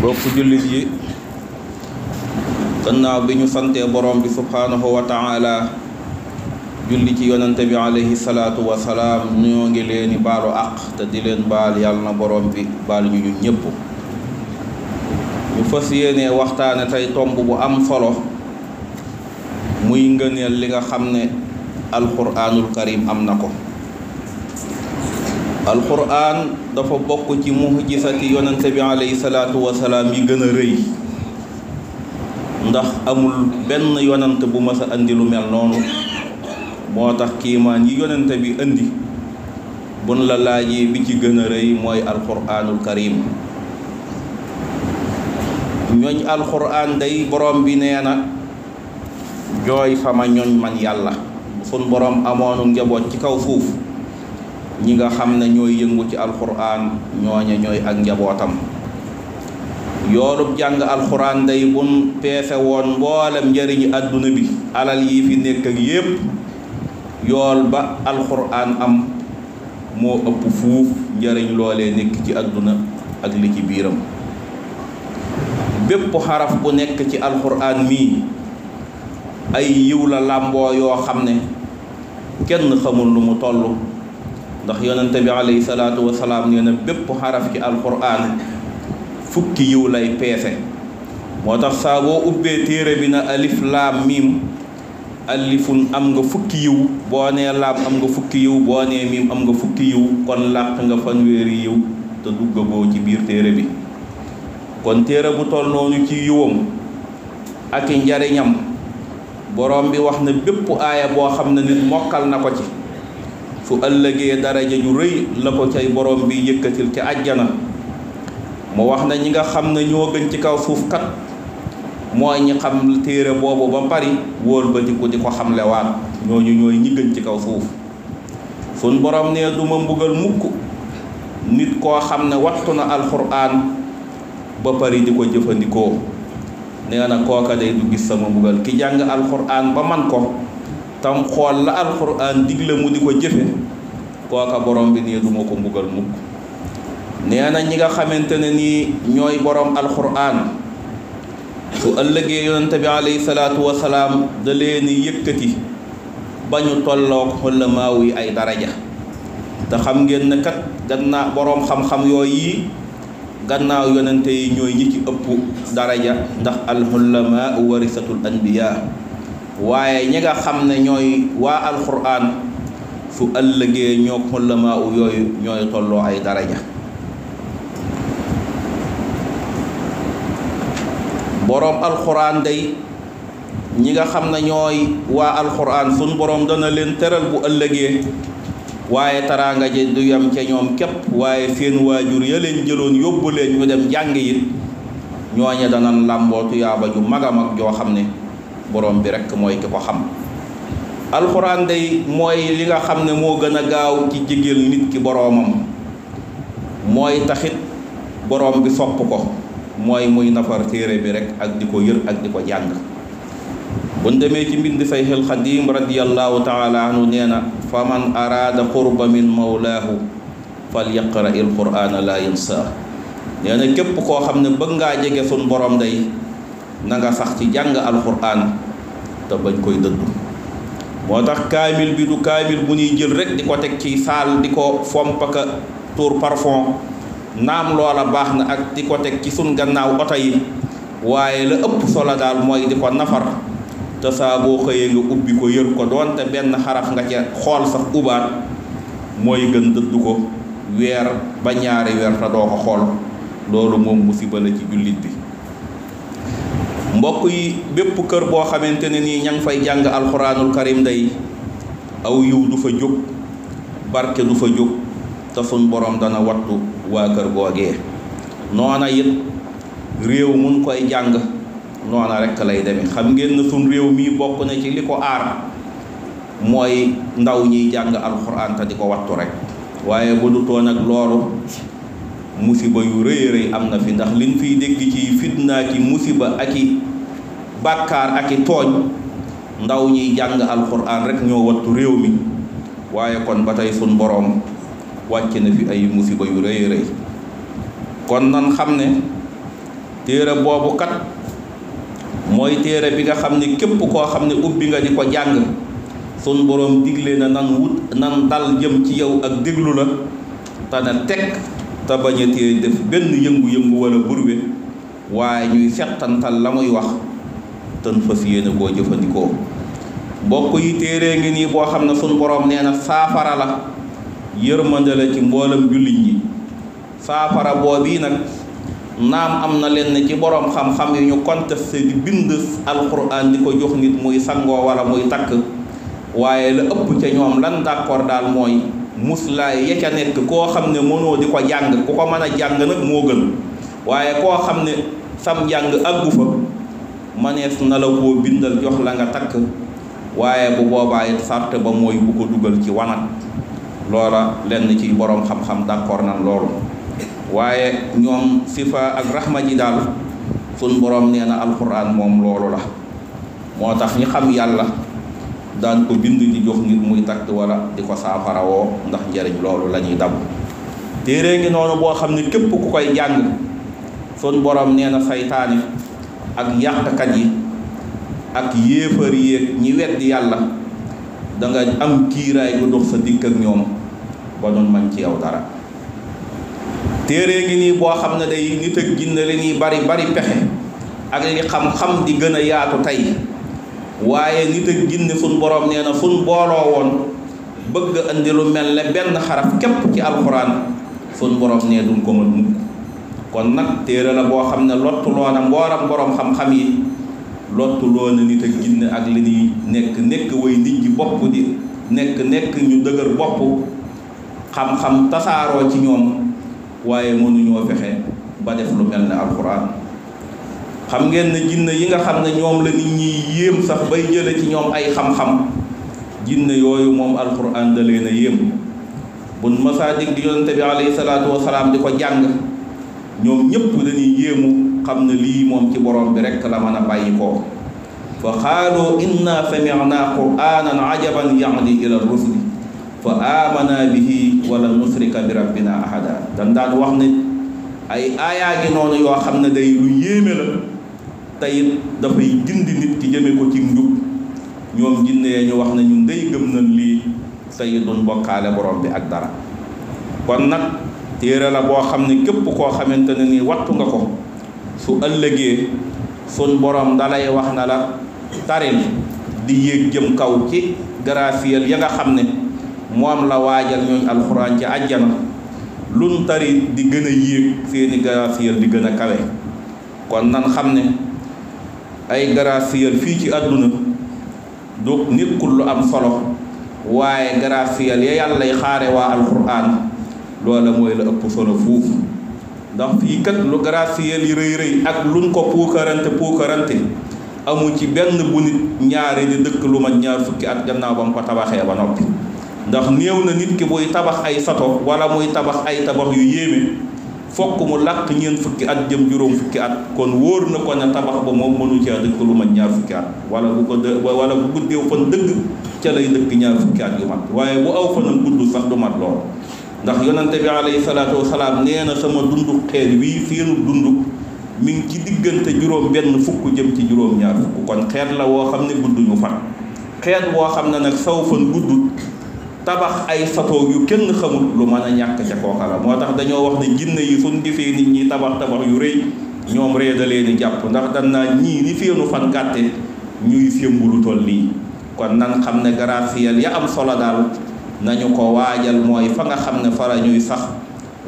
bokk jullit yi gannaaw bi ñu santee boroom bi subhaanahu wa taala julli ci yonante bi alayhi salaatu wa salaam ñoo ngi leen baalu àq te di leen baal yàlla na borom bi baal ñu ñun ñëpp ñu fas yéenee waxtaane tey tomb bu am folo muy ngëneel li nga xam ne alquraanul karim am na ko alquran dafa bokk ci muhjisati yonente bi alayhi salaatu wasalaam yi gën a rëy ndax amul benn yonent bu mas a andi lu mel noonu moo tax kiimaan yi yonente bi andi bun la laajee bi ci gën a rëy mooy alquranul karim ñooñ alquran day borom bi nee na jooy sama ñooñ man yàlla sun borom amoonu njaboot ci kaw foofu ñi nga xam ne ñooy yëngu ci alxuraan ñooña ñooy ak njabootam yoolub jàng alxuraan day bun peese woon mboolem njariñ àdduna bi alal yi fi nekk ak yépp yool ba alxuraan am moo ëpp fuuf njëriñ loole nekk ci àdduna ak li ci biiram bépp xaraf bu nekk ci alxuraan mii ay yiw la làmboo yoo xam ne kenn xamul lu mu toll ndax yonente bi alayhi salaatu wa salaam nee na bépp xaraf ci alquran fukki yiw lay peese moo tax saa boo ubbee téere bi na alif laam miim alifun am nga fukki yiw boo nee laam am nga fukki yiw boo nee miim am nga fukki yiw kon làq nga fanweeri yiw te duggagoo ci biir téere bi kon téere bu toll noonu ci yiwam ak i njariñam borom bi wax na bépp aaya boo xam ne nit mokkal na ko ci su ëllëgee daraja ju rëy la ko cay borom bi yëkkatil ci àjjana mu wax na ñi nga xam ne ñoo gën ci kaw suuf kat mooy ñi xam téere boobu ba pari wóol ba di ko xam ko xamlewaat ñooñu ñooy ñi gën ci kaw suuf sun borom ne duma mbugal mukk nit koo xam ne waxtu na alxuraan ba pari di ko jëfandikoo nee na kooka day du gis sama mbugal ki jàng alxuraan ba man ko tam xool la alxuraan digle mu di ko jëfe kooka borom bi nii du ko mbugal mukk nee na ñi nga xamante ne nii ñooy borom alxuraan su ëllëgee yonente bi alayhi salaatu wasalaam da leen yëkkati ba ñu tolloog xulamaaw yi ay daraja te xam ngeen kat gannaaw boroom xam-xam yooyu yi gannaaw yonente yi ñooy ñi ci ëpp daraja ndax alxulamaa warisatul anbiyaa waaye ñi nga xam ne ñooy waa alxuraan su ëllëgee ñoo xullamaa yooyu ñooy tolloo ay daraja boroom alxuraan day ñi nga xam ne ñooy waa alxuraan sun boroom dana leen teral bu ëllëgee waaye taraanga ji du yem ca ñoom képp waaye seen waajur ya leen jëloon yóbbu leen ñu dem jàng it ñooñe danan làmbootu yaaba ju mag a mag joo xam ne borom bi rekk mooy ki ko xam alxuraan day mooy li nga xam ne moo gën a gaaw ci jigéen nit ki boroomam mooy taxit borom bi sopp ko mooy muy nafar téere bi rekk ak di ko yër ak di ko jàng buñ demee ci mbind sayxil xadim radiallahu taala anhu nee na fa man araada qurba min mawlaahu fal yaqra il laa yansa nee képp koo xam ne bëgg ngaa jege sun borom day nanga sax ci jàng alxuraan te bañ koy dëddu moo tax kaamil bi du kaamil bu ñuy jël rekk di ko teg ci saal di ko fompaka tour parfum naam loola baax na ak di ko teg ci sun gannaaw oto yi waaye la ëpp solo daal mooy di ko nafar te saa boo xëyee nga ubbi ko yër ko doonte benn xaraf nga ca xool sax ubaat mooy gën dëddu ko weer ba ñaari weer te doo ko xool loolu moom musiba la ci jullit bi mbokk yi bépp kër boo xamante ne nii ña ngi fay jàng alxuraanul karim day aw yiw du fa jóg barke du fa jóg te boroom dana wattu waa kër googee noona it réew mun koy jàng noona rekk lay demee xam ngeen ne réew mii bokk na ci li ko aar mooy ndaw ñiy jàng alxuraan te di ko wattu rek waaye bu du toon ak loolu musiba yu rëy rëy am na fi ndax liñ fiy dégg ci fitna ki musiba ak i bàkkaar ak i tooñ ndaw ñiy jàng alxuraan rek ñoo wattu réew mi waaye kon ba tey sunu boroom wàcc na fi ay musiba yu rëy rëy kon nan xam ne téere boobu kat mooy téere bi nga xam ne képp koo xam ne ubbi nga di ko jàng sunu boroom digle na nan wut nan dal jëm ci yow ak déglu la te na teg te bañ a tee def benn yëngu-yëngu wala burwe waaye ñuy setantal la muy wax tën fas yéene koo jëfandikoo bokk yi téere ngi nii boo xam ne sunu boroom nee na saafara la yërmande la ci mboolam jullit yi saafara bii nag naam am na lenn ci boroom xam-xam yu ñu contesté di bind alquran di ko jox nit muy sangoo wala muy takk waaye la ëpp ca ñoom lan d'accord daal mooy muslaay ya ca nekk koo xam ne mënoo di ko jàng ku ko mën a jàng nag moo gën waaye koo xam ne sam jàng àggu fa manees na la koo bindal jox la nga takk waaye bu boobaa it ba mooy bu ko dugal ci wanag loola lenn ci boroom xam-xam d'accord nan loolu waaye ñoom sifa ak rahma ji daal sun boroom nee na alxuraan moom loolu la moo tax ñi xam yàlla daan ko bind di jox ngir muy takk wala di ko saafarawoo ndax njariñ loolu lañuy ñuy dab téere ngi noonu boo xam ne képp ku koy jàng sun borom nee na saytaani ak yàqkat yi ak yéefar yéeg ñi weddi yàlla danga am kiiraay gu dox sa dikk ak ñoom ba doon man ci yow dara téere ngi nii boo xam ne day nit ak jinne li ñuy bari bari pexe ak li xam-xam di gën a yaatu tey waaye nit ak jinne fun boroom nee na fun booloo woon bëgg andi lu mel ne benn xaraf képp ci alxuraan fun boroom nee duñ ko mën mukk kon nag téere la boo xam ne lottuloo na mbooram boroom xam yi lottuloo na nit ak jinne ak li ñuy nekk nekk way nit ji bopp di nekk nekk ñu dëgër bopp xam-xam tasaaroo ci ñoom waaye mënuñoo fexe ba def lu mel ne alxuraan xam ngeen ne jinne yi nga xam ne ñoom la nit ñi yéem sax bay jële ci ñoom ay xam-xam jinne yooyu moom alquran da leen yéem bun masaa dégg yonente bi alayhi salaatu di ko jàng ñoom ñëpp dañuy yéemu xam ne lii moom ci borom bi rekk la mën a bàyyi koo fa xaalu inna sami'na qur'anan ajaban yahdi ila rusli fa amana bihi wala nusrika bi rabbina ahada dan daan wax ne ay aayaa gi noonu yoo xam ne day lu yéeme la tey dafay gindi nit ki jëme ko ci njub ñoom jinne ya wax nañu ndey gëm nañ lii tayit duñ bokkaale boroom bi ak dara kon nag téere la boo xam ne képp koo xamante ne nii wattu nga ko su ëllëgee sun borom dalay wax na la tari taril di yéeg jëm kaw ci garafiyal ya nga xam ne moom la waajal ñooñ alxuraan ci àjjana lun tari di gën a yéeg seeni garafiyal di gën a kawe kon nan xam ne ay gratte-ciel fii ci àdduna du ku lu am solo waaye gratte-ciel ya yàllay xaare waa alxuraan loola mooy la ëpp solo foofu ndax fii kat lu gratte yi rëy rëy ak luñ ko puukarante puukarante amul ci benn bu nit ñaari di dëkk lu mat ñaar fukki at gannaaw ba mu ko tabaxee ba noppi ndax néew na nit ki buy tabax ay sato wala muy tabax ay tabax yu yéeme fokk mu làkk ñeent fukki at jëm juróom fukki at kon wóor na ko ne tabax ba moom mënu caa dëkk lu mat ñaar fukki at wala bu ko dë wala bu guddeew fan dëgg ca lay dëkk ñaar fukki at yu mat waaye bu aw fanam gudd sax du mat lool ndax yonante bi alayhi salaatu wasalaam nee na sama dundu xeet wii fiinu dundu mi ci diggante juróom benn fukk jëm ci juróom ñaar fukk kon xeet la woo xam ne gudd ñu fan xeet woo xam ne nag saw fan guddut tabax ay sato yu kenn xamul lu mën a ñàkk ca kooka moo tax dañoo wax ne jinne yi suñ defee nit ñi tabax tabax yu rëy ñoom ree da jàpp ndax dan naa ñii ni féenu fan gàtte ñuy fémbu lu toll kon nan xam ne gratte yi am solo daal nañu ko waajal mooy fa nga xam ne fa la ñuy sax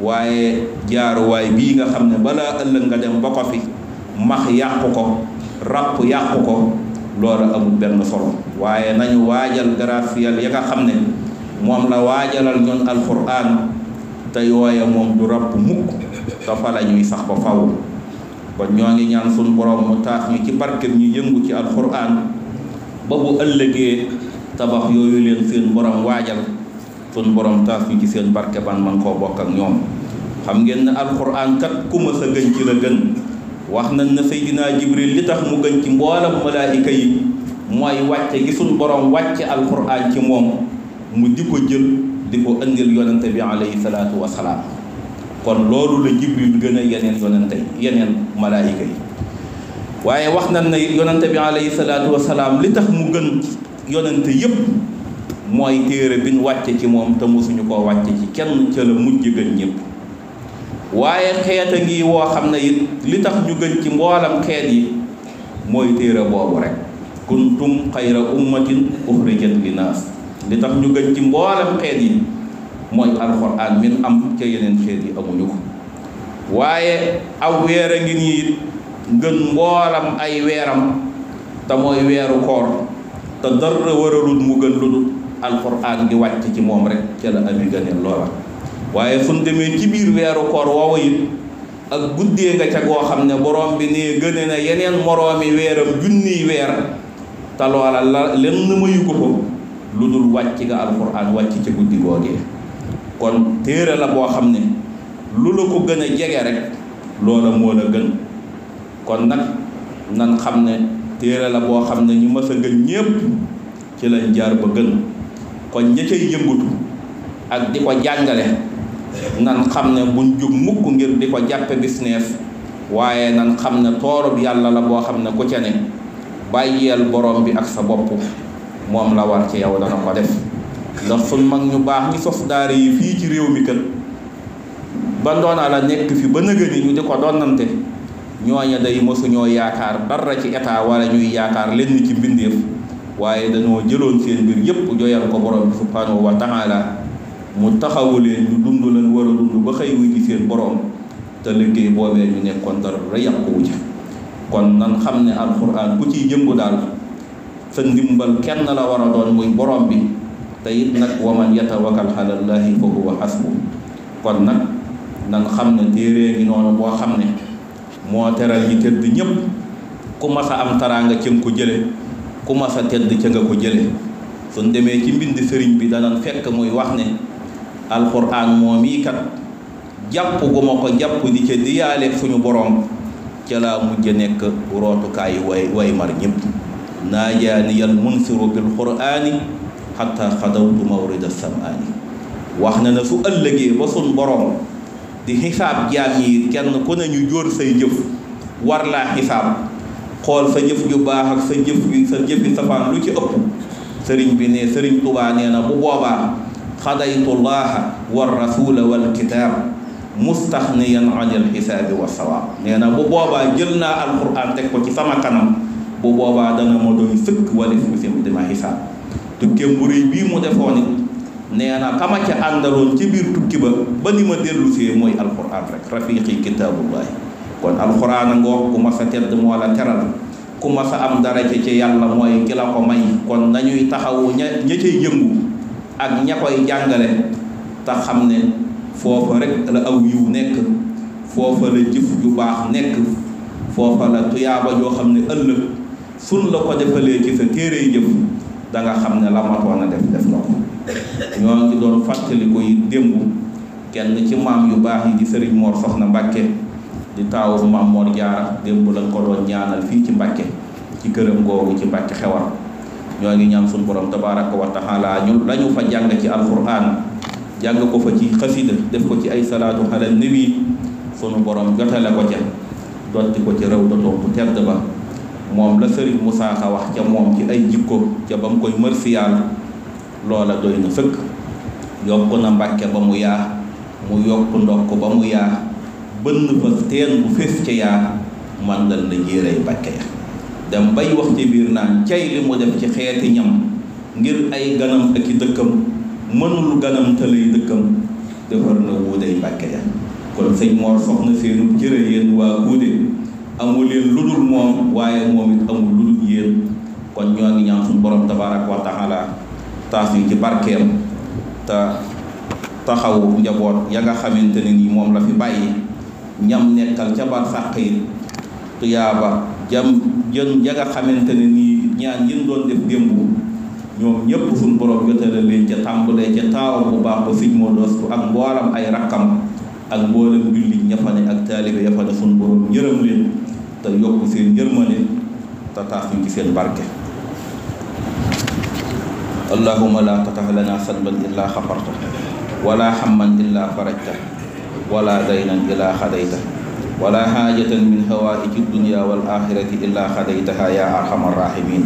waaye jaaruwaay bii nga xam ne balaa ëllëg nga dem ba ko fi max yàqu ko ràpp yàqu ko loolu amul benn solo waaye nañu waajal gratte-ciel nga xam ne moom la waajalal ñun alquran te yooya moom du ràbb mukk te fa sax ko faw kon ñoo ngi ñaan suñ borom mu taas ñu ci barkeb ñu yëngu ci alquran ba bu ëllëgee tabax yooyu leen seen borom waajal suñ borom taas ñu ci seen barke ban man koo bokk ñoom xam ngeen ne alquran kat ku ma sa gën ci la gën wax nañ ne Seydina Jibril li tax mu gën ci mboolam malaayika yi mooy wàcce gi suñ borom wàcce alquran ci moom mu di ko jël di ko indil yonente bi alayhi salaatu wasalaam kon loolu la jibril gën a yeneen yonente yeneen malaayika yi waaye wax na ne yonente bi alayhi salaatu wasalaam li tax mu gën yonente yépp mooy téere bi ñu wàcce ci moom te mosuñu ko wàcce ci kenn ca la mujj gën ñépp waaye xeet a ngi woo xam ne it li tax ñu gën ci mboolam xeet yi mooy téere boobu rek kuntum xayra ummatin uxrijat linnaas li tax ñu gën ci mboolam xeet yi mooy alxuraan min am ca yeneen xeet yi amuñu ko waaye aw weer a ngi nii gën mboolam ay weeram te mooy weeru koor te dara waralul mu gën lu dul alxuraan gi wàcc ci moom rek ca la ami gëneel loola waaye suñ demee ci biir weeru koor woowu it ak guddee nga ca goo xam ne borom bi nee gëne na yeneen moroomi weeram junniy weer te loola la lenn mayu ko ko lu dul wàcc nga alxuraan wàcc ci guddi googee kon téere la boo xam ne lu la ko gën a jege rek loola moo la gën kon nag nan xam ne téere la boo xam ne ñu mës a gën ñépp ci lañ jaar ba gën kon ña cay yëngutu ak di ko jàngale nan xam ne buñ jug mukk ngir di ko jàppe business waaye nan xam ne toorub yàlla la boo xam ne ku ca ne bàyyeel borom bi ak sa bopp moom la war ci yow dana ko def ndax suñ mag ñu baax ñi sos daara yi fii ci réew mi kër ba ndoona la nekk fi ba nëga ni ñu di ko donnante ñooña day mosu yaakaar dara ci état wala ñuy yaakaar lenn ci mbindeef waaye dañoo jëloon seen mbir yépp joyal ko borom bi subhanahu wa taala mu taxawu leen ñu dund leen war a dund ba xëy wu ci seen te liggéey boobee ñu nekkoon dara yàquwu ci kon nan xam ne alxuraan ku ciy jëngu daal sa ndimbal kenn la war a doon muy borom bi tey nag wa man yatawakkal ala llaahi fa huwa xasbu kon nag nan xam ne téere ngi noonu boo xam ne moo teral ñi tëdd ñépp ku mas a am taraanga ca nga ko jële ku mas a tëdd ca nga ko jële suñ demee ci mbind sëriñ bi danañ fekk muy wax ne alxuraan moom yi kat jàpp gu ma ko jàpp di ca diyaaleeg suñu borom ca laa mujj nekk rotukaayu way way mar ñépp naajaani al munfiru bil quraani xataa xadawtu mawrida samaani wax na ne su ëllëgee ba sun borom di xisaab jaam yi kenn ku ne ñu jóor say jëf war laa xisaab xool sa jëf ju baax ak sa jëf sa jëfi safaan lu ci ëpp sëriñ bi ne sëriñ tubaa na bu boobaa xadaytullaha wa rasula wal kitaab mustaxniyan an al xisaabi wa sawaab nee na bu boobaa jël naa alquran teg ko ci sama kanam bu boobaa dana ma doy sëkk wala fi mu dima xisaab tukkeem bu rëy bii mu defoon it nee na kama ca àndaloon ci biir tukki ba ba ni ma dellusee mooy alxuraan rek rafiqi kitaabullahi kon alxuraan a ngoog ku ma sa tedd moo la teral ku sa am dara ci ci yàlla mooy ki ko may kon nañuy taxawu ña ña cay yëngu ak ña koy jàngale te xam ne foofa rek la aw nekk foofa la jëf ju baax nekk foofa la tuyaaba joo xam ne ëllëg suñ la ko defalee ci sa téere yi jëf da nga xam ne la matoon def def na ko ñoo ngi doon fàttali ko yi démb kenn ci maam yu baax yi di sëriñ Mor Soxna Mbàkke di taawu maam Mor Jaara démb lañ ko doon ñaanal fii ci Mbàkke ci këram googu ci Mbàkke xewar ñoo ngi ñaan suñ borom tabaraka wa taala ñu lañu fa jàng ci alquran jàng ko fa ci xasida def ko ci ay salaatu ala nabi sunu borom jotale ko ca dotti ko ci raw datoom bu tedd ba moom la sëriñ Moussa a wax ca moom ci ay jikko ca bam koy mërsiyaal loola doy na sëkk yokk na mbàkke ba mu yaa mu yokk ndokk ba mu yaa bënn fa teen bu fees ca yaa màndal na njéeréy mbàkke ya dem bay wax ci biir naa cay li mu def ci xeeti ñam ngir ay ganam ak i dëkkam mënul ganam tëlay dëkkam defar na wuuday mbàkke ya kon sëñ Mor soxna seenu jërë yéen waa wuude amul leen ludul moom waaye moom it amul ludul yéen kon ñoo ngi ñaan suñu borom tabaraka wa taala taas ñu ci barkeem te taxawu njaboot ya nga xamante ne ni moom la fi bàyyi ñam nekkal ca sàq yi tuyaaba jam jën ya nga xamante ne nii ñaan yën doon def démb ñoom ñépp suñu borom jotale leen ca tàmbalee ca taawam bu baax ba fiñ moo doos ku ak mboolam ay rakkam ak mbool julli ña fa ak taalibe ya fa ne suñu leen te yokk seen yërmande te taas ñu ci seen barke allahuma la tatah lana sanban illaa xafarta wala xamman illaa farajta wala daynan illaa xadayta wala xaajatan min hawaaiji dunya wal axirati illaa xadaytaha ya arxama arrahimin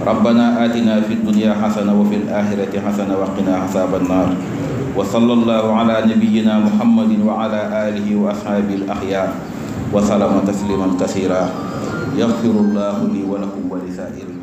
rabbana atina fi dunya xasana wa fi alaxirati xasana wa qina xasaaba annaar wa sallallahu ala nabiyina muhammadin wa ala alihi wa ashaabihi al axyaar wa sallama tasliman kasira yaxfirullaahu lii wa lakum wa li saa'iri